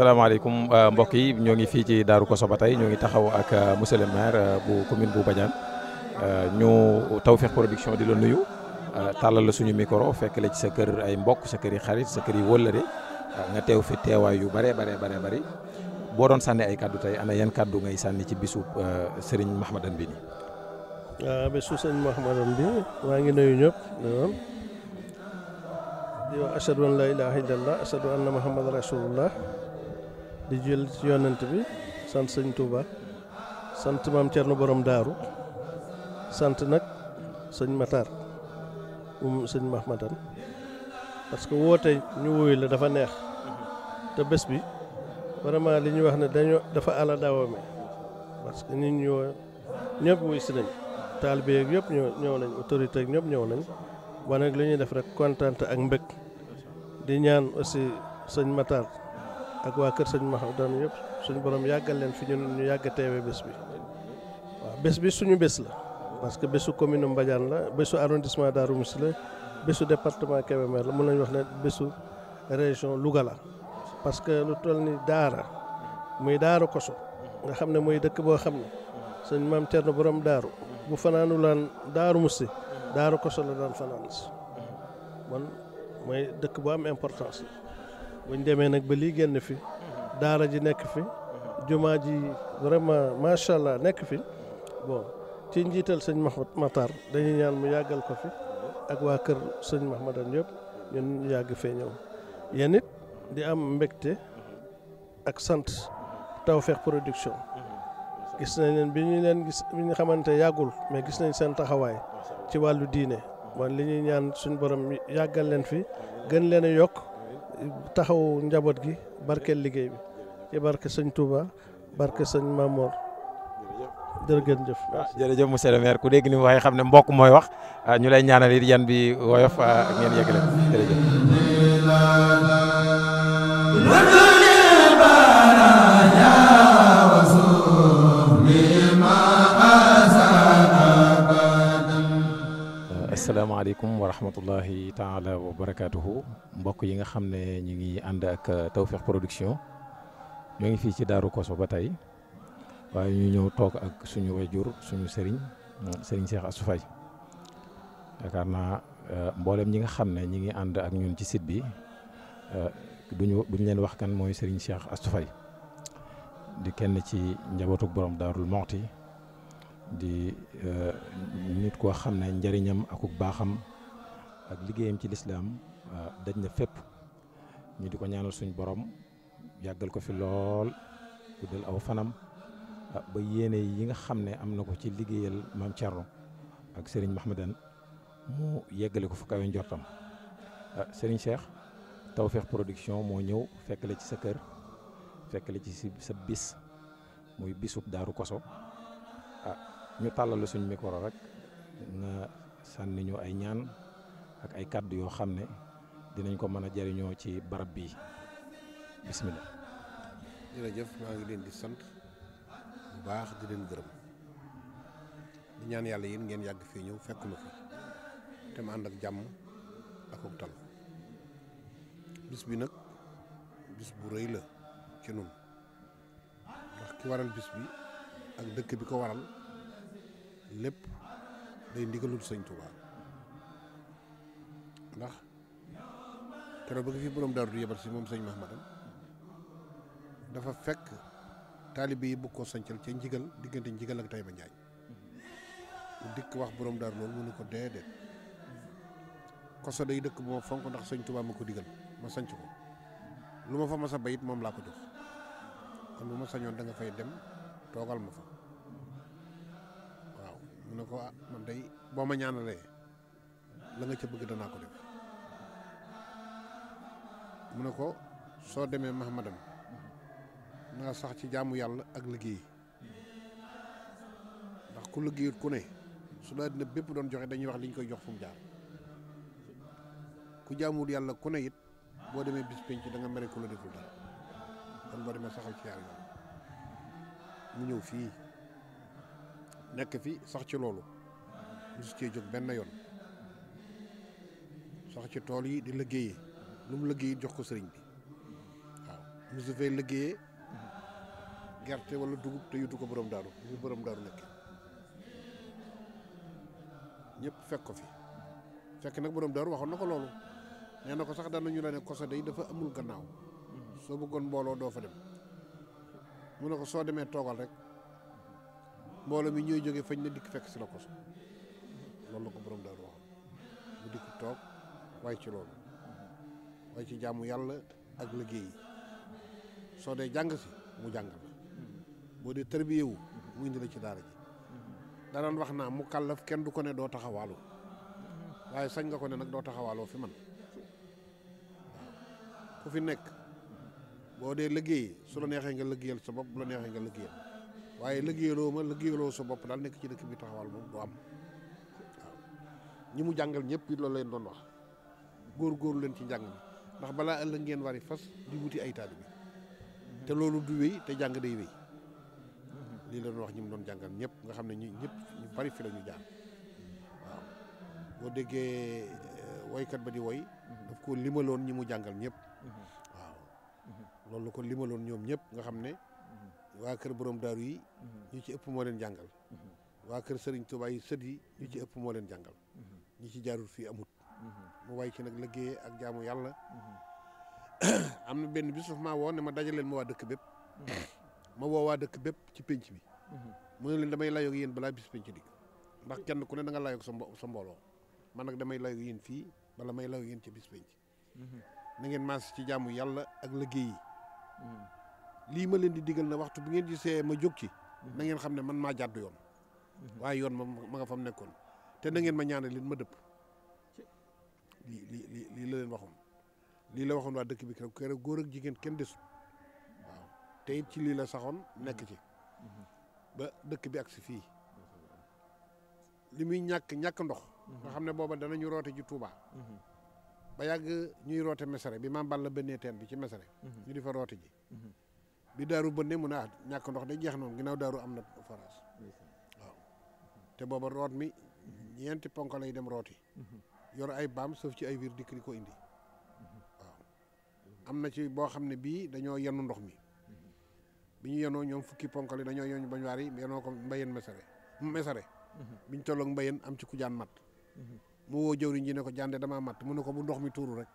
asalaamaaleykum euh, mbokk yi ñoo ngi fii ci daaru Kosso ba tey ñoo ngi taxaw ak euh, monsieur le maire euh, bu commune bu Badiane ñu Tawfekh Production di la nuyu tàllal la suñu micro fekk la ci sa kër ay mbokk sa kër yi xarit sa kër wëllëre nga teew fi teewaay yu bare bare bare bari boo doon sànni ay kàddu tey ana yan kàddu ngay sànni ci bisu Serigne Mahmadan bi nii. waaw bisu Serigne Mahmadan bi maa ngi nuyu ñëpp di wax la anna muhammad rasulullah di jël ci yonent bi sant sëñ Touba sant maam Thierno borom daaru sant nag sëñ Matar um sëñ Mahmadan parce que woote ñu wuyu la dafa neex te bés bi vraiment li ñuy wax ne dañoo dafa ala daawame parce que nit ñoo ñëpp wuy si nañ taalibe yeeg yëpp ñëw ñëw nañ autorité ñëpp ñëw nañ waaye nag li ñuy def rek kontaan ak mbëgg di ñaan aussi sëñ Matar ak waa kër sëñ Mahmoudane yëpp suñu borom yàggal leen fi ñun ñu yàgg teewee bés bi waaw bés bi suñu bés la parce que bésu commune Mbadiane la bésu arrondissement daaru Moussi la bésu département Kébémer la mën nañu wax ne bésu région Louga la parce que lu toll ni daara muy daaru koso nga xam ne mooy dëkk boo xam ne sëñ maam Thierno borom daaru bu fanaanu laan Darou Moussi daaru koso la daan fanaan si bon mooy dëkk boo am importance la buñ demee nag ba lii génn fi daara ji nekk fi jumaa ji vraiment macha allah nekk fi bon ci njiital sëñ Mahmoud Matar dañuy ñaan mu yàggal ko fi ak waa kër sëñ Mahmoudan yëpp ñun yàgg fee ñëw yéen di am mbégte ak sant Tawfekh Production gis nañ leen bi ñu leen gis bi ñu xamante yàggul mais gis nañ seen taxawaay ci wàllu diine man li ñuy ñaan suñu borom yàggal leen fi gën leen a yokk taxaw njaboot gi barke liggéey bi ci barke sëñ Touba barke sëñ Mamor jërëjëf ah, jërëjëf monsieur le maire ku dégg ni waaye xam ne mbokk mooy wax ah, ñu lay ñaanal it yan bi woyof ah, ngeen yeggale jërëjëf asalaamaaleykum wa rahmatullahi taala wa barakaatuhu mbokk yi nga xam ne ñu ngi ànd ak uh, Tawfekh Production ñoo ngi fii ci Daaru Koso ba tey waaye ñu ñëw toog ak suñu wayjur suñu sëriñ uh, sëriñ Cheikh Assou Faye yaakaar naa uh, mboolem ñi nga xam ne ñi ngi ànd ak ñun ci site bi duñu duñ leen wax kan mooy sëriñ Cheikh Assou Faye di kenn ci njabootu borom Daarul Moxti di eh, nit koo xam ne njariñam akuk baaxam ak liggéeyam ci lislaam eh, daj na fépp ñu di ko ñaanal suñ boroom yàggal ko fi lool guddal aw fanam eh, ba yéene yi nga xam ne am na ko ci liggéeyal maam ak sëriñ Mahmadan mu yeggale ko fu kawe njortam sëriñ Cheikh Tawfekh Production moo ñëw fekk ci sa kër fekk la ci sa bis muy bisub Daaru Koso ñu tàllal suñ mikoro rek na sànni ay ñaan ak ay kàddu yoo xam ne dinañ ko mën a jëriñoo ci barab bii bismillah. jërëjëf maa ngi leen di sant bu baax di leen gërëm di ñaan yàlla yéen ngeen yàgg fii ñëw fekk na fi te ma ànd ak jàmm ak ak bis bi nag bis bu rëy la ci nun ndax ki waral bis bi ak dëkk bi ko waral. lépp day ndigalul sëñ Tuubaa ndax keroog ba nga fi borom daaru di yebal si moom sëñ Mahmadan dafa fekk taalibe yi bëgg koo sancal ca njigal diggante njigal ak Tayba Njaañ mu dikk wax borom daaru loolu mu ne ko déedéet koso day dëkk bu ma fonk ndax sëñ Tuubaa ma ko digal ma sanc ko lu ma fa mas a bayit moom laa ko jox kon bu ma sañoon da nga fay dem toogal ma fa mu ne ko ah man day boo ma ñaanalee la nga ca bëgg danaa ko def mu ne ko soo demee Mahmadam na nga sax ci jaamu yàlla ak liggéey ndax ku liggéeyut ku ne su la dina bépp doon joxe dañuy wax liñ koy jox fu mu jaar ku jaamuwul yàlla ku ne it boo demee bis penc danga nga mere ku la deful dara kon boo demee saxal ci yàlla mu ñëw fii nekk fi sax ci loolu mosu cee jóg benn yoon sax ci tool yi di liggéeyee lu mu liggéey jox ko sëriñ bi waaw mosu fee liggéeyee gerte wala dugub te yutu ko borom daaru ñu borom daaru nekk ñëpp fekk ko fi fekk nag borom daaru waxoon na ko loolu nee na ko sax dana ñu la ne kosa day dafa amul gannaaw mm-hmm. soo bëggoon mbooloo doo fa dem mu ne ko soo demee toogal rek. mbooloo mi ñooy jógee fañ na dikk fekk si la koso loolu ko borom daaru wax mu dikk toog waaye ci loolu waaye ci jaamu yàlla ak liggéey soo dee jàng si mu jàngal boo dee tarbiyewu mu indi la ci daara ji danaan wax naa mu kàllaf kenn du ko ne doo taxawaalu waaye sañ nga ko ne nag doo taxawaaloo fi man waaw fi nekk boo dee liggéey su la neexee nga liggéeyal sa bopp bu la neexee nga liggéeyal waaye liggéeyaloo ma liggéeyaloo sa bopp daal nekk ci dëkk bi taxawal moom du am waaw ñi mu jàngal ñëpp it la leen doon wax góor góor leen ci jàng mi ndax balaa ëllëg ngeen wari fas di wuti ay taalibe bi te loolu du wéy te jàng day wéy lii la doon wax ñi mu doon jàngal ñëpp nga xam ne ñi ñëpp ñu bari fi la ñu jaar waaw boo déggee eh, woykat ba di woy daf ko limaloon ñi mu jàngal ñëpp mm-hmm. waaw mm-hmm. loolu ko limaloon ñoom ñëpp nga xam ne waa kër borom daaru yi mhm. ñu ci ëpp moo leen jàngal mhm. waa kër sëriñ Tuubaa yi sët yi ñu ci mhm. ëpp moo leen jàngal ñu ci jaarul fii amut mu way ci nag liggéey ak jaamu yàlla am na benn bis dafa maa woo ne ma dajaleen ma waa dëkk bépp ma woo waa dëkk bépp ci pénc bi mu ne leen damay layoog yéen balaa bis pénc di ndax kenn ku ne da nga layoog sa sa mbooloo man nag damay layoog yéen fii bala may layoog yéen ci bis pénc na ngeen maas ci jaamu yàlla ak liggéey lii ma leen di digal na waxtu bu ngeen gisee ma jóg ci na ngeen xam ne man maa jàddu yoon waaye yoon ma ma nga mu nekkoon te na ngeen ma ñaanal leen ma dëpp lii lii lii la leen waxoon lii la waxoon waa dëkk bi keroog keroog góor ak jigéen kenn desut waaw ci lii la saxoon nekk ci ba dëkk bi ak si fii li muy ñàkk ñàkk ndox nga xam ne booba ñu roote ji Touba ba yàgg ñuy roote mesere bi maam Balla bennee teen bi ci mesere ñu di fa roote ji bi daaru bënne mun a ah ñàkk ndox de jeex noonu ginnaaw daaru am na forage te booba root mi ñeenti ponk lay dem rooti yor ay baam sauf ci ay wiir dikk ko indi waaw am na ci boo xam ne bii dañoo yenu ndox mi bi ñu yenoo ñoom fukki ponk la dañoo yoñ bañ waar yi yenoo ko mbayeen mesare mesare biñ tolloog mbayeen am ci ku jaan mat mu woo jëwriñ ji ne ko jande damaa mat mu ne ko bu ndox mi tuuru rek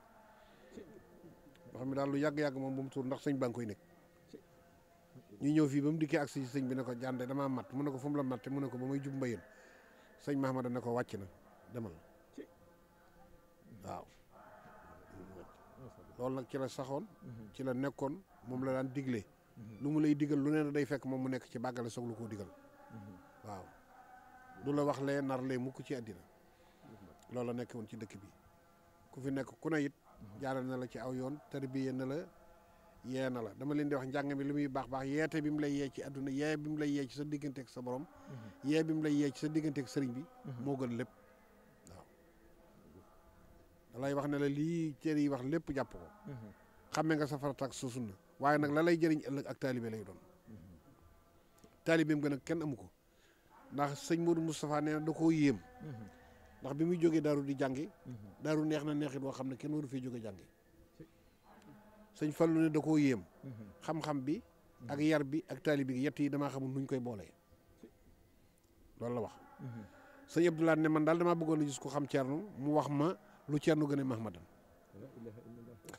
ndox mi daal lu yàgg-yàgg moom bu mu tuur ndax sëñ baa ñu ñëw fii ba mu dikkee ak si sëñ bi ne ko jànde damaa matt mu ne ko fu mu la matte mu ne ko ba may jub mbayeen sëñ Mahamada ne ko wàcc na demal waaw nag ci la saxoon ci la nekkoon moom la daan digle lu mu lay digal lu ne day fekk moom mu nekk ci bàggale soog lu koo digal waaw du la wax lee nar lee mukk ci àddina loolu la nekk woon ci dëkk bi ku fi nekk ku ne it na la ci aw yoon tarbiye na la yee na la dama leen di wax njàng mi lu muy baax baax yeete bi mu lay yee ci àdduna yee bi mu yee ci sa diggante ak sa borom mhm. yee bi mu lay yee ci sa diggante ak sëriñ bi mhm. moo gën lépp waaw wax ne la lii cër yi wax lépp jàpp ko mhm. xamme nga sa farata ak waaye nag la lay jëriñ ëllëg ak taalibe lay doon taalibeem gën a kenn amu ko ndax sëñ Modou Moustapha nee na da koo yéem ndax bi muy jógee daaru di jàngi daaru neex na neexit boo xam ne kenn waru fee jóge jàngi sëñ Fallu ne da koo yéem. Mhm. xam-xam bi mhm. ak yar bi ak taalibi gi yett yi damaa xamul ñu koy boolee loolu la wax. Mhm. sëñ Abdoulaye ne man daal damaa bëggoon a gis ko xam Thierno mu wax ma lu Thierno gën a Mahmadan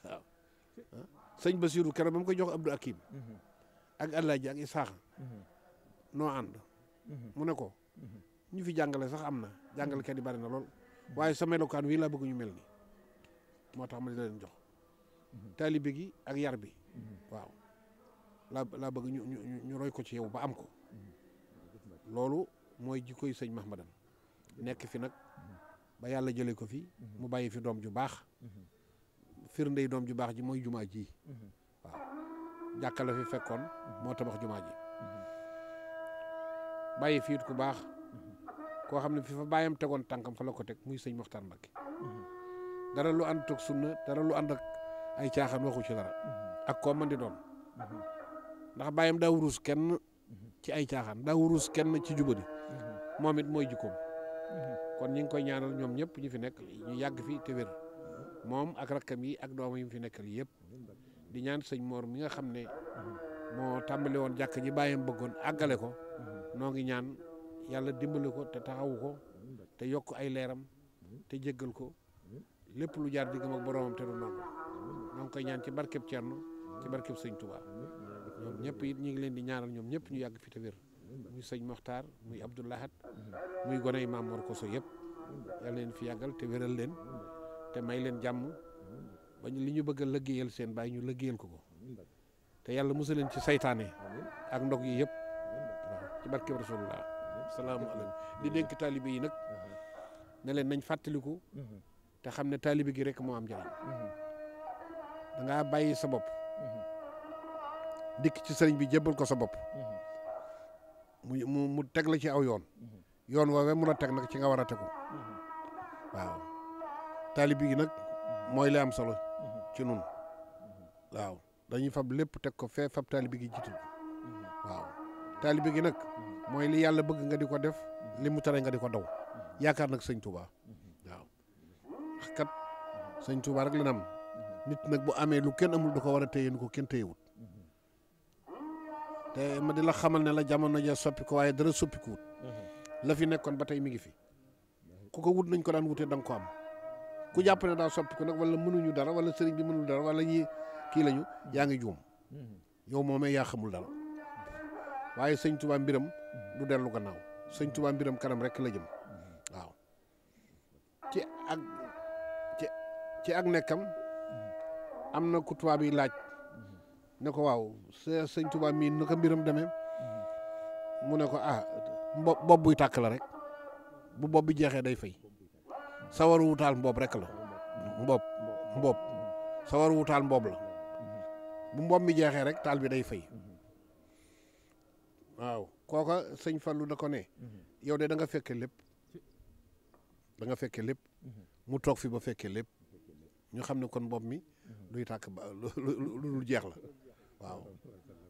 waaw sëñ Basiiru keroog ba mu koy jox Abdou Akim. ak Alaaji ak noo ànd. mu ne ko ñu fi jàngale sax am na jàngalekat yi bari na lool waaye sa melokaan wii laa bëgg ñu mel nii moo tax ma di leen jox. taalibe gi ak yar bi mm-hmm. waaw laa bëgg ñu roy ko ci yow ba am ko mm-hmm. loolu mooy jikkoy sëñ Mahmadan mm-hmm. nekk fi nag ba yàlla jëlee ko fi mu bàyyi fi doom ju baax firndey doom ju baax ji mooy jumaa ji waaw fi fekkoon moo tabax jumaa ji bàyyi fi it baax koo xam ne fi fa bàyyam tegoon tànkam fa la ko teg muy sëñ Moxtaar Mbakke dara lu ànd ak sunna dara lu ànd ak ay caaxaan waxu ci dara mhm. ak koo mën di doon mhm. ndax bàyyam daa wurus kenn mhm. ci ay caaxaan daa wurus kenn ci jubadi moom it mooy jikkoom kon ñi ngi koy ñaanal ñoom ñëpp ñu fi nekk ñu yàgg fi te wér moom ak rakkam yi ak doomam yi mu fi nekkal yëpp di ñaan sëñ moor mi nga xam ne moo tàmbali woon jàkk ji bàyyam bëggoon àggale ko noo ngi ñaan yàlla dimbali ko te taxawu ko te yokk ay leeram te jéggal ko lépp lu jaar diggam ak boroomam te du noonu ñoo ngi ñaan ci barkeb Cerno ci barkeb sëñ Touba ñoom ñëpp it ñu ngi leen di ñaanal ñoom ñëpp ñu yàgg fi te wér sëñ Moxtaar muy Abdou Lahad muy gone yi Maam Mor Koso yëpp yal leen fi yàggal te wéral leen te may leen jàmm ba li ñu bëgg a lëggéeyal seen bàyyi ñu lëggéeyal ko ko te yàlla musal leen ci saytaane ak ndog yi yëpp waaw ci barkeb Rasulullah salaamaaleykum di dénk taalibe yi nag ne leen nañ fàttaliku mhm. te xam ne taalibe gi rek moo am njëriñ mhm. dangaa ngaa bàyyi sa bopp mhm. dikk ci sëriñ bi jébbal ko sa bopp mhm. mu mu teg la ci aw yoon mhm. yoon woowee mun a teg nag ci nga war a tegu waaw nag mooy li am solo ci nun waaw dañuy fab lépp teg ko fee fab taalibe gi jiitu waaw taalibe nag mooy li yàlla bëgg nga di ko def li mu tere nga di ko daw yaakaar nag sëñ Touba waaw kat sëñ Touba rek la am nit nag bu amee lu kenn amul du ko war a téye nu ko kenn téyewut te ma di la xamal ne la jamono ja soppi ko waaye dara soppikuwut la fi nekkoon ba tey mi ngi fi ku ko wut nañ ko daan wutee da ko am ku jàpp ne daa soppi ko nag wala mënuñu dara wala sëriñ bi mënul dara wala ñi kii lañu yaa ngi juum yow moomee yaa xamul dara waaye sëñ Tuubaa mbiram du dellu gannaaw sëñ Tuubaa mbiram kanam rek la jëm waaw ci ak ci ak nekkam am na ku tubaab yi laaj ne ko waaw sëñ Tuubaa mii na ko mbiram demee mu ne ko ah mbo bopp buy tàkk la rek bu bopp bi jeexee day fay sawar wutaal mboob rek la mboob mboob sawar wutaal mboob la bu mboob mi jeexee rek taal bi day fay waaw kooka sëñ Fallu da ko ne yow de da nga fekke lépp da nga fekke lépp mu toog fi ba fekkee lépp ñu xam ne kon mboob mi luy tàkk ba lu jeex la waaw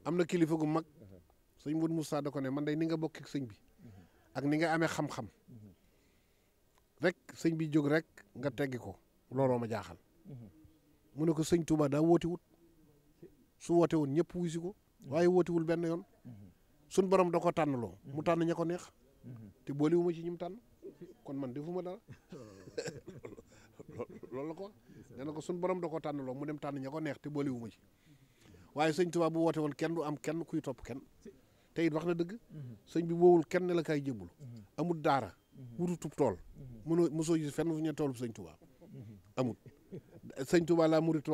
am na kilifa gu mag sëñ Mourou Moussa da ko ne man day ni nga bokk ak sëñ bi ak ni nga amee xam-xam rek sëñ bi jóg rek nga teggi ko looloo ma jaaxal mu ne ko sëñ Touba daa woote su woote woon ñëpp wuy ko waaye wootewul benn yoon suñ borom da ko tànnaloo mu tànn ña ko neex te boolewuma ci ñi mu tànn kon man defuma dara loolu la ko nee ko suñ borom da koo tànnaloo mu dem tànn ña ko neex te booliwu ci waaye sëñ Tuubaa bu woote woon kenn du am kenn kuy topp kenn te wax na dëgg sëñ bi woowul kenn ne la kay jébul amul daara wututub tool mosoo gis fenn fu tool bu sëñ Tuubaa amul sëñ Tuubaa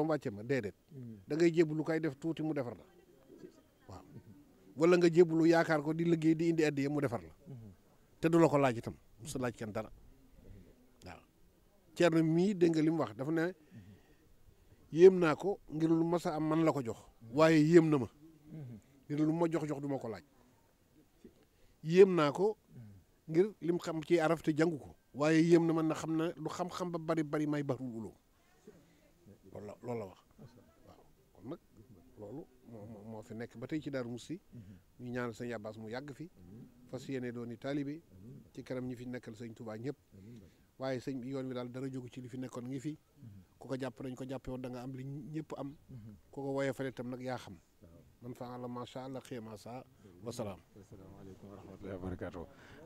ma déedéet da ngay jéblu kay def tuuti mu defar la waaw wala nga jéblu yaakaar ko di liggéey di indi addiya mu defar la te du la ko laaj itam su laaj kenn dara waaw ceerno mii dégg nga li wax dafa ne yéem naa ko ngir lu ma sa am man la ko jox waaye yéem na ma ngir lu ma jox jox duma ko laaj yéem naa ko ngir lim xam ci araf te jàngu ko waaye yéem na man na xam na lu xam-xam ba bari bari may barul ulóom loolu la loolu la wax waaw kon nag loolu moo fi nekk ba tey ci Daaru si ñu ñaan sëñ Abbas mu yàgg fi fas yéene dooni taalibe ci kanam ñi fi nekkal sëñ Tuubaa ñëpp waaye sëñ bi yoon wi daal dara jóg ci li fi nekkoon ngi fi ku ko jàpp nañ ko jàppee woon da am li ñëpp am. Mhm. ku ko woyofale itam nag yaa xam. man faa la macha allah xëy ma saa wasalaam. asalaamaaleykum wa rahmatullahi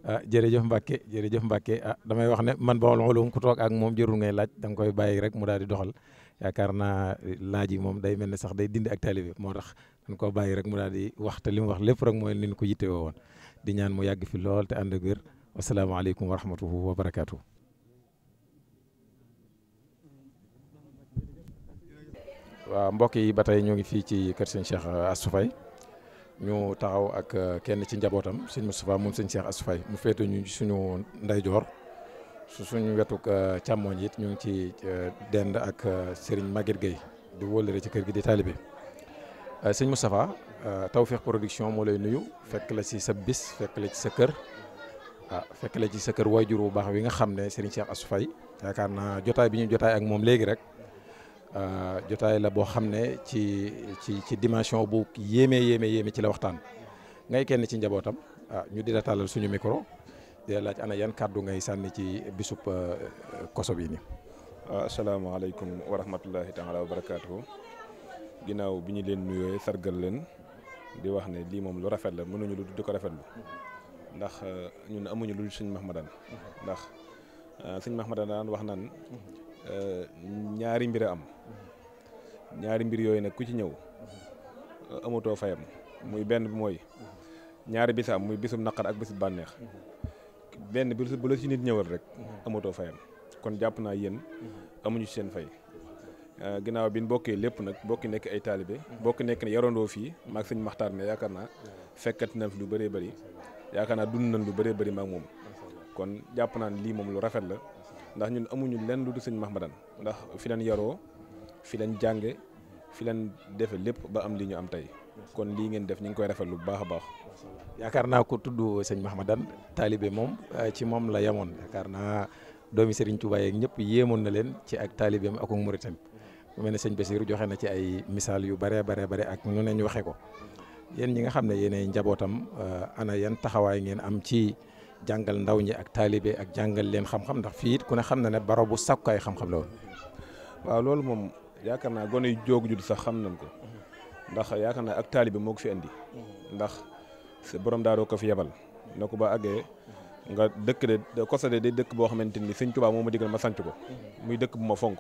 ah, jërëjëf Mbacke jërëjëf Mbacke ah damay wax ne man Bawol Ulum ku toog ak moom jërul ngay laaj da nga koy bàyyi rek mu daal di doxal yaakaar naa eh, laaj yi moom day mel ne sax day dindi ak taalibe moo tax dañ koo bàyyi rek mu daal di wax li mu wax rek mooy ni ko ko yittewoo woon di ñaan mu yàgg fi lool te ànd a wér wasalaamaaleykum wa rahmatullahi wa waaw mbokk yi ba tey ñoo ngi fii ci kër sëñ Cheikh euh, Astou Faye ñu taxaw ak euh, kenn ci njabootam sëñ Moustapha moom sëñ Cheikh Astou Faye mu féete ñu suñu ndeyjoor su suñu wetuk euh, càmmooñ it ñu ngi ci dend ak Serigne Maguette Gueye di wóllëre ci kër gi di taalibe sëñ taw feex Production moo lay nuyu fekk la ci sa bis fekk la ci sa kër ah fekk la ci sa kër waajur bu baax wi nga xam ne Serigne Cheikh Astou Faye yaakaar naa jotaay bi ñuy jotaay ak moom léegi rek. Euh, jotaay la boo xam ne ci ci ci dimension bu yéemee yéemee yéeme ci la waxtaan ngay kenn ci njabootam ah ñu di la tàllal suñu micro di laaj ana yan kàddu ngay sànni ci bisub euh, koso bi nii. Ah, asalaamaaleykum wa rahmatullahi taala wa barakaatu. ginnaaw bi ñu leen nuyoo sargal leen di wax ne lii moom lu rafet la mënuñu lu di ko rafetlu ndax euh, ñun amuñu lu suñ Mahmadan ndax suñ Mahmadan daan wax naan ñaari mbir am. ñaari mbir yooyu nag ku ci ñëw amatoo fayam muy benn bi mooy ñaari bisaam muy bisum naqar ak bisu bànneex benn bi bu si ci nit ñëwal rek amatoo fayam kon jàpp naa yéen amuñu seen fay euh, ginnaaw bi ñu bokkee lépp nag bokki nekk ay taalibe bokki nekk ne yarandoo fii maag sëñ maxtaar ne yaakaar naa fekkati na fi lu bëree bari yaakaar naa dund nañ lu bëree bari maag moom kon jàpp naa lii moom lu rafet la ndax ñun amuñu lenn lu du sëñ Mahmadan ndax fi leen yaroo fi lañ jànge fi lañ defe lépp ba am li ñu am tey kon lii ngeen def ñu ngi koy rafet lu baax a baax yaakaar naa ko tudd sëñ Mahamadan taalibe moom eh, ci moom la yamoon yaakaar naa doomi Serigne Touba yeeg ñëpp yéemoon na leen ci ak taalibeem ak muritam mu mel ne sëñ Basiru joxe na ci ay misaal yu bare bare bare ak nu ne ñu waxee ko yéen ñi nga xam ne yéenay njabootam eh, ana yan taxawaay ngeen am ci jàngal ndaw ñi ak taalibe ak jàngal leen xam-xam ndax fii it ku ne xam na ne baro bu sàkkukaay xam-xam la woon waaw loolu moom yaakaar naa gone yu jóg judd sax xam nañ ko ndax yaakaar naa ak taalibe moo ko fi indi ndax borom daaroo ko fi yebal na ko ba àggee nga dëkk de Kosode day dëkk boo xamante ni sëñ Tuubaa moo ma digal ma sanc ko muy dëkk bu ma fonk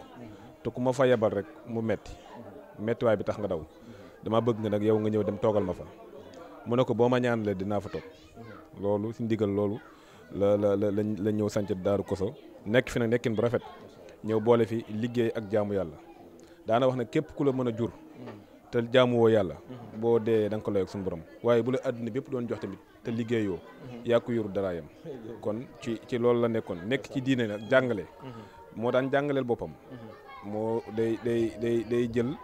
te ku ma fa yebal rek mu metti mettiwaay bi tax nga daw dama bëgg nga nag yow nga ñëw dem toogal ma fa mu ne ko boo ma ñaanalee dinaa fa toog loolu si ndigal loolu la la la la ñëw sanc daaru koso nekk fi nag nekkin bu rafet ñëw boole fi liggéey ak jaamu yàlla daana wax na képp ku la mën a jur te jaamuwoo yàlla boo dee da nga ko borom waaye bu la àdduna bépp doon jox tamit te liggéeyoo yaa ko yoru daraayam kon ci ci loolu la nekkoon nekk ci diine nag jàngale moo daan jàngaleel boppam moo day day day day jël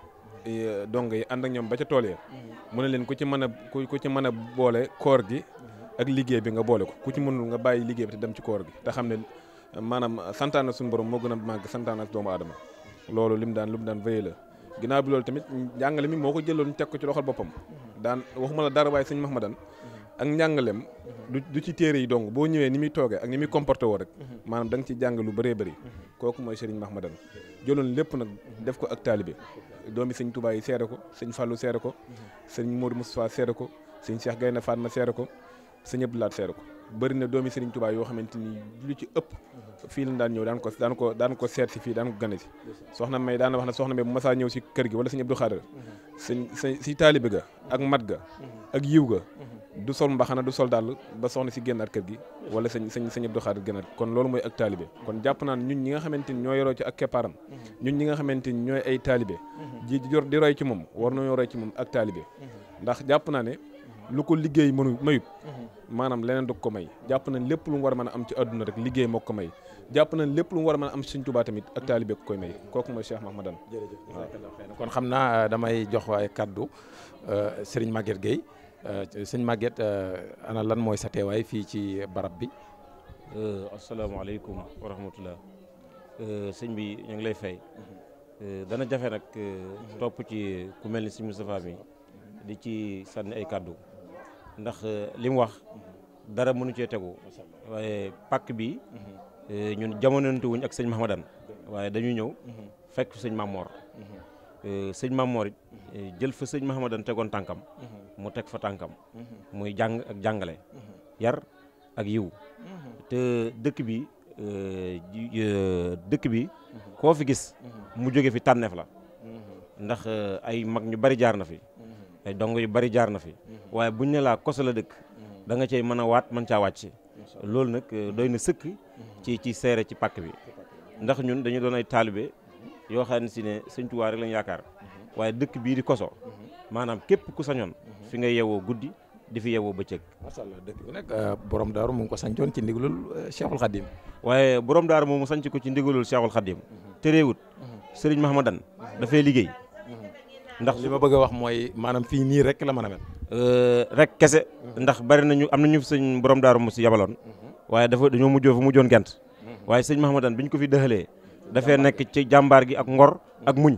eh, dong yi ànd ak ñoom ba ca tool ya mu ne leen ku ci mën a ku ci mën a boole koor gi ak liggéey bi nga boole ko ku ci mënul nga bàyyi liggéey bi te dem ci koor gi te xam ne maanaam santaana suñu borom moo gën a màgg santaana doomu aadama loolu lim daan lim daan veillé la ginnaaw bi loolu tamit njàngale mi moo ko jëloon teg ko ci loxol boppam daan waxuma la dara waaye sëñ Mahmadan ak njàngalem du du ci téere yi dong boo ñëwee ni muy toogee ak ni muy comporté woo rek maanaam da nga ci jàng lu bëree bëri kooku mooy sëriñ Mahmadan jëloon lépp nag def ko ak taalibe doomi sëñ tubaay yi seere ko sëñ Fallou seere ko sëñ Modou Moustapha seere ko sëñ Cheikh Gaynde ma seere ko sëñ Abdoulaye seere ko bëri na doomi Serigne Touba yoo xamante ni lu ci ëpp fii lañ daan ñëw daan ko daan ko ko seet si fii daan ko gane si soxna may daan wax ne soxna may bu masaa ñëw si kër gi wala sëñ Abdou ga ak mat ga ak yiw ga du sol mbaxana du sol daal ba soxna si génnaat kër gi wala sëñ sëñ sëñ Abdou Khadre kon loolu mooy ak taalibe kon jàpp naan ñun ñi nga xamante ni ñoo yoroo ci ak keppaaram ñun ñi nga xamante ni ñooy ay taalibe ji di roy ci moom war nañoo roy ci moom ak taalibe ndax jàpp naa ne lu ko liggéey mënu mayut mhm. maanaam leneen du ko may jàpp nañ lépp lu mu war a mën a am ci àdduna rek liggéey moo ko may jàpp nañ lépp lu mu war a mën a am ci Sëñ Tuubaa tamit ak taalibe ko koy may kooku mooy Cheikh Mahmadan kon xam naa euh, damay jox waaye kaddu euh, Serigne Maguette Gueye euh, sëñ Maguette ana lan mooy sa teewaay fii ci barab bi asalaamaaleykum wa rahmatullah sëñ bi ñoo ngi lay fay mhm. dana jafe nag mhm. topp ci ku mel ni sëñ Moustapha mi di ci sànni ay kàddu ndax euh, li mu wax dara mënu cee tegu waaye pàkk bi euh, ñun jamononte wuñ ak sëñ Mahamadan waaye dañu ñëw fekk sëñ Mamor euh, sëñ Mamor jël fa sëñ Mahamadan tegoon tànkam mu teg fa tànkam muy jàng ak jàngale yar ak yiw te dëkk bi dëkk bi koo fi gis mu jóge fi tànneef la ndax ay mag ñu bari jaar na fi ay dong yu bari jaar na fi mhm. waaye buñ ne laa koso la dëkk mhm. danga nga cey mën a waat mën caa wàcc loolu nag euh, doy na sëkk mhm. ci ci seere ci pàkk bi ndax ñun dañu doon ay taalibe yoo xam ne si ne sëñ Tuubaa rek lañu yaakaar waaye dëkk bii di koso maanaam képp ku sañoon fi nga yewoo guddi di fi yewoo bëccëg macha Allah dëkk bi nag euh, borom daaru mu ngi ko sancoon ci ndigalul euh, Cheikhul Khadim waaye borom daaru moom mu sanc ko ci ndigalul Cheikhul Khadim te réewut sëriñ Mahamadan dafay liggéey ndax li ma bëgg a wax mooy maanaam fii nii rek la mën a mel. Euh, rek kese. ndax bari nañu am nañu sëñ borom daaru mu si yabaloon. waaye dafa dañoo mujjoo fa mujjoon gent. waaye sëñ Mahamadan bi ñu ko fi dëxalee. dafee nekk ci jàmbaar gi ak ngor ak muñ.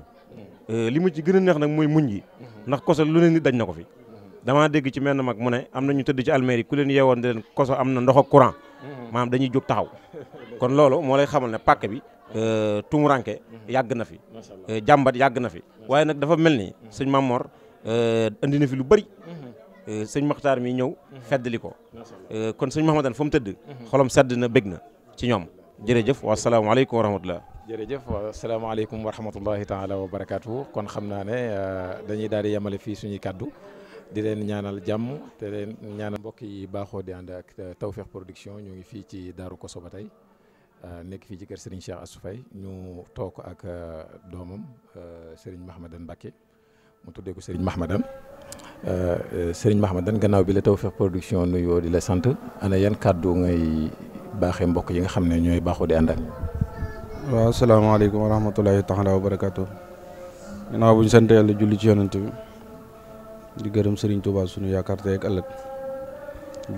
Euh, li mu ci gën a neex nag mooy muñ gi. ndax koso lu ne nit dañ na ko fi. damaa dégg ci menn mag mu ne am na ñu tëdd ci almeeri ku leen yeewoon di leen koso am na ndox ak courant. maanaam mm-hmm. dañuy jóg taxaw kon loolu moo lay xamal bi Euh, tumuranke mhm. yàgg na fi euh, jàmbat yàgg na fi waaye nag dafa mel ni mhm. sëñ Mamor indi euh, na fi lu bari mhm. sëñ Maxtaar mi ñëw feddali ko kon sëñ Mahamadan fa mu tëdd xolam sedd na bég na ci ñoom jërëjëf wa salaamaaleykum wa rahmatullah jërëjëf wa salaamaaleykum wa rahmatullahi taala wa barakaatu kon xam naa ne dañuy daal di yemale fii suñuy kàddu di leen ñaanal jàmm te leen ñaanal mbokk yi baaxoo di ànd ak Tawfekh Production ñu ngi fii ci Daaru Koso ba tey Euh, nekk fii ci kër Serigne Cheikh Assou Faye ñu toog ak euh, doomam euh, Serigne Mahmadan Mbacké mu tuddee ko Serigne Mahmadan Serigne Mahmadan gannaaw bi la Tawfekh Production nuyoo di la sant ana yan kàddu ngay baaxee mbokk yi nga xam ne ñooy baaxoo di ànd ak. waaw asalaamaaleykum wa rahmatulahi taala gannaaw bu ñu sant yàlla julli ci yonent bi di gërëm Serigne Touba suñu yaakaar tey ak ëllëg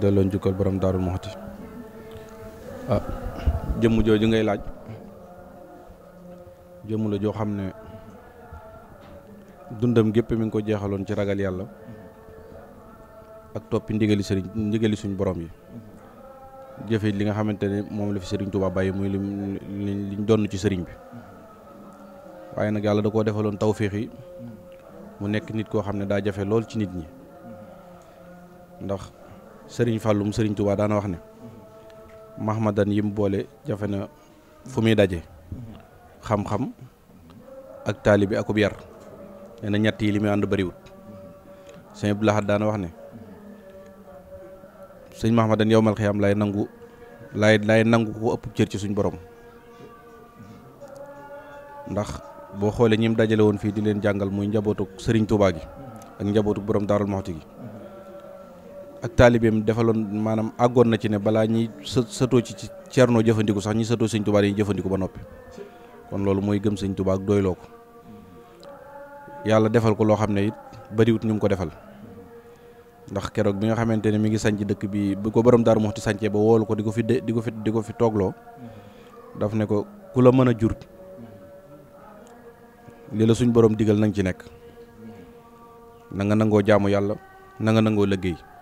delloo njukkal borom Daaru Muxti ah, jëmm jooju ngay laaj jëmm la joo xam ne dundam gépp mi ngi ko jeexaloon ci ragal yàlla ak toppi ndigali sëriñ ndigali suñu borom yi jëfe li nga xamante ne moom la fi sëriñ Touba bàyyi muy li liñ donn ci sëriñ bi waaye nag yàlla da koo defaloon tawféex yi mu nekk nit koo xam ne daa jafe lool ci nit ñi ndax sëriñ Fàllum sëriñ Touba daana wax ne yi mu boole jafe na fu muy daje xam-xam ak taalibi akub yar nee na ñett yi li muy ànd bëriwut sëñ Abdou Lahad daana wax ne sëñ mahmadan yowmal xiyaam lay nangu laay laay nangu ko ëpp cër ci suñ borom ndax boo xoolee ñim dajale woon fii di leen jàngal muy njabootuk sëriñ Tuubaa gi ak njabootuk boroom daarul moxti gi ak taalibeem defaloon maanaam àggoon na ci ne balaa ñuy sa satoo ci ci noo jëfandiku sax ñi satoo sëñ Tuubaa dañuy jëfandiku ba noppi kon loolu mooy gëm sëñ Tuubaa ak doyloo ko yàlla defal ko loo xam ne it bariwut ñu mu ko defal ndax keroog bi nga xamante ne mi ngi sanc dëkk bi bu ko borom Daaru Muxti sancee ba woolu ko di ko fi di ko fi di ko fi toogloo daf ne ko ku la mën a jur li la suñ borom digal na nga ci nekk na nga nangoo jaamu yàlla na nga nangoo liggéey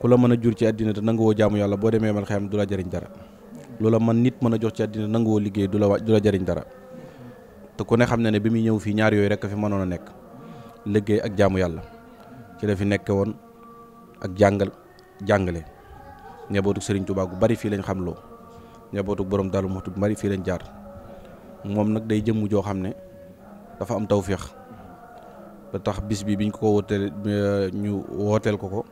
ku la mën a jur ci àddina te nanguwoo jaamu yàlla boo demee man xam du la jariñ dara loola man nit mën a jox ci àddina nanguwoo liggéey du la wa du la jariñ dara te ku ne xam na ne bi muy ñëw fii ñaar yooyu rek fi mënoon a nekk liggéey ak jaamu yàlla ci la fi nekke woon ak jàngal jàngale njabootu sëriñ Touba bu bari fii lañ xam loo njabootu boroom Daaru Muxti bari fii lañ jaar moom nag day jëmm joo xam ne dafa am tawféex ba tax bis bi biñ ko ñu wooteel ko ko.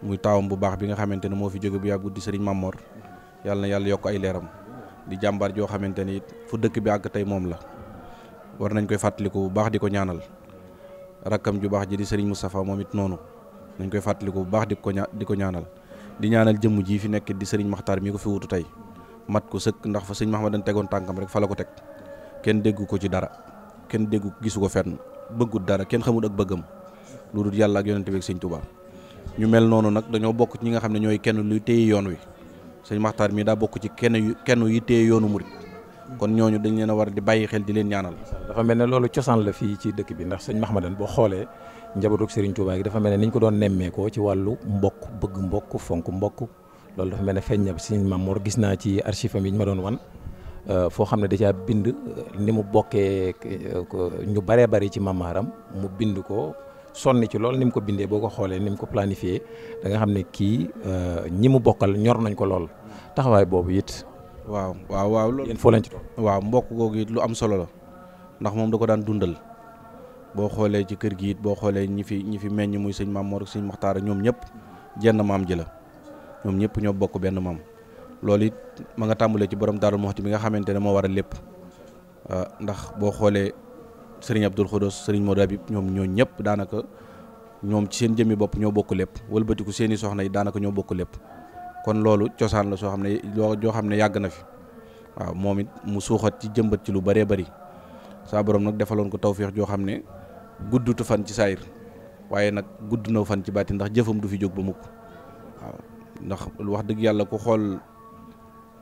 muy taawam bu baax bi nga xamante ne moo fi jóge bu yàggu di sëriñ mamoor yàlla na yàlla yokk ay leeram di jàmbaar joo xamante ni fu dëkk bi àgg tey moom la war nañ koy fàttaliku bu baax di ko ñaanal rakkam ju baax ji di sëriñ Moustapha moom it noonu nañ koy fàttaliku bu baax di ko ña di ko ñaanal di ñaanal jëmm ji fi nekk di sëriñ Maxtaar mi ko fi wutu tey mat ko sëkk ndax fa sëriñ Maxamad dañ tegoon tànkam rek fa la ko teg kenn déggu ko ci dara kenn déggu gisu ko fenn bëggut dara kenn xamul ak bëggam lu yàlla ak yonente bi ak sëriñ ñu mel noonu nag dañoo bokk ci ñi nga xam ne ñooy kenn luy téye yoon wi sëñ Maxtaar mi daa bokk ci kenn yu kenn yi téye yoonu murit kon ñooñu dañ leen a war di bàyyi xel di leen ñaanal. dafa mel ne loolu cosaan la fii ci dëkk bi ndax sëñ Mahmadan boo xoolee njabootu sëriñ Touba gi dafa mel ne ni ñu ko doon nemmeekoo ci wàllu mbokk bëgg mbokk fonk mbokk loolu dafa mel ne feeñ na sëñ Mamoor gis naa ci archive am yi ñu ma doon wan euh, foo xam ne dèjà bind euh, ni mu bokkee euh, ñu baree bari ci mamaaram mu bind ko sonni ci lool ni mu ko bindee boo ko xoolee ni mu ko planifié danga xam ne kii euh, ñi mu bokkal ñor nañ ko lool taxawaay boobu it. waaw waaw waaw loolu yéen foo leen ci toll. waaw mbokk googu it lu am solo la ndax moom da ko daan dundal boo xoolee ci kër gi it boo xoolee ñi fi ñi fi meññ muy suñ maam Mor ak sëñ Maxtaar ñoom ñëpp jenn maam ji la ñoom ñëpp ñoo bokk benn maam loolu it ma nga tàmbalee ci borom Daaru Muxti bi nga xamante ne moo waral lépp euh, ndax boo xoolee. sëriñ Abdul Khodos sëriñ Modou Habib ñoom ñoo ñëpp daanaka ñoom ci seen jëmmi bopp ñoo bokk lépp wëlbatiku seeni soxna yi daanaka ñoo bokk lépp kon loolu cosaan la soo xam ne loo joo xam ne yàgg na fi waaw moom it mu suuxat ci jëmbat ci lu bëree bari saa borom nag defaloon ko tawféex joo xam ne guddutu fan ci saayir waaye nag gudd na fan ci baati ndax jëfam du fi jóg ba mukk waaw ndax wax dëgg yàlla ku xool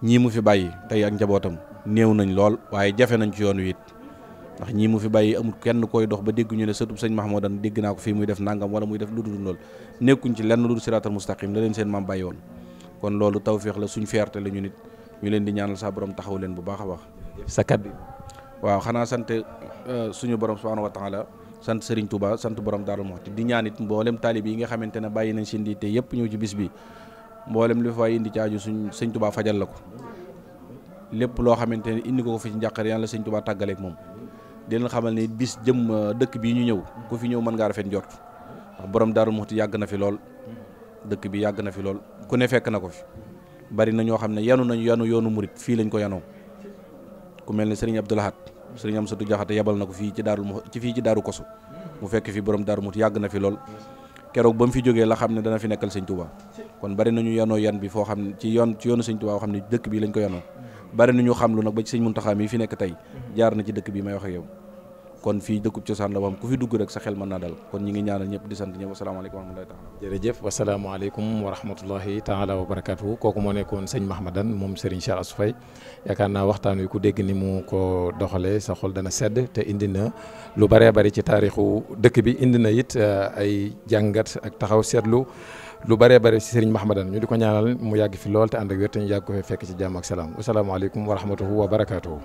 ñii mu fi bàyyi tey ak njabootam néew nañ lool waaye jafe nañ ci yoon wi it ndax ñii mu fi bàyyi amul kenn koy dox ba dégg ñu ne sëtub sëñ Mahmoudan dégg naa ko fii muy def nangam wala muy def lu dul lool nekkuñ ci lenn lu dul siraatal mustaqim la leen seen maam bàyyi woon kon loolu tawféex la suñ feerte la ñu nit ñu leen di ñaanal saa borom taxaw leen bu baax a baax sa kaddu waaw xanaa sant euh, suñu borom subhanahu wa taala sant Serigne Touba sant borom Darou Mouhty di ñaan it mboolem taalib yi nga xamante ne bàyyi nañ seen di te yëpp ñëw ci bis bi mboolem li fa indi ci aju suñ fajal la ko lépp loo xamante ne indi ko fi ci yàlla sëñ Touba tàggaleek moom di leen xamal ni bis jëm euh, dëkk bi ñu ñëw ku fi ñëw mën ngaa rafet njort ndax borom Daaru Muxti yàgg na fi lool dëkk bi yàgg na fi lool ku ne fekk na ko fi bari na ñoo xam ne yanu nañu yanu yoonu murit fii lañ ko yanoo ku mel ne sëriñ Abdou Lahad sëriñ Amsatu Jaxate yebal na ko fii ci daaru ci fii ci daaru kosu mu fekk fi borom Daaru Muxti yàgg na fi lool keroog ba mu fi jógee la xam ne dana fi nekkal sëñ Touba kon bari ñu yanoo yan bi foo xam ne ci yoon ci yoonu sëñ Touba xam ne dëkk bi lañ ko bari nañu ñu xam lu nag ba ci sëñ Muntaxa mi fi nekk tey jaar na ci dëkk bi may wax ak yow kon fii dëkkub cosaan la ba ku fi dugg rek sa xel mën naa dal kon ñi ngi ñaanal ñëpp di sant ñëpp wasalaamaaleykum wa rahmatullahi taala jërëjëf wasalaamaaleykum wa rahmatullahi taala wa barakatuhu kooku moo nekkoon sëñ Mahmadan moom Serigne Cheikh Assou Faye yaakaar naa waxtaan wi ku dégg ni mu ko doxalee sa xol dana sedd te indi na lu bëree bëri ci taarixu dëkk bi indi na it euh, ay jàngat ak taxaw seetlu lu bëree bëri ci Serigne Mahamadan ñu di ko ñaanal mu yàgg fi lool te ànd ak wér te ñu ci jàmm ak salaam asalaamaaleykum wa rahmatuhu wa barakaatuhu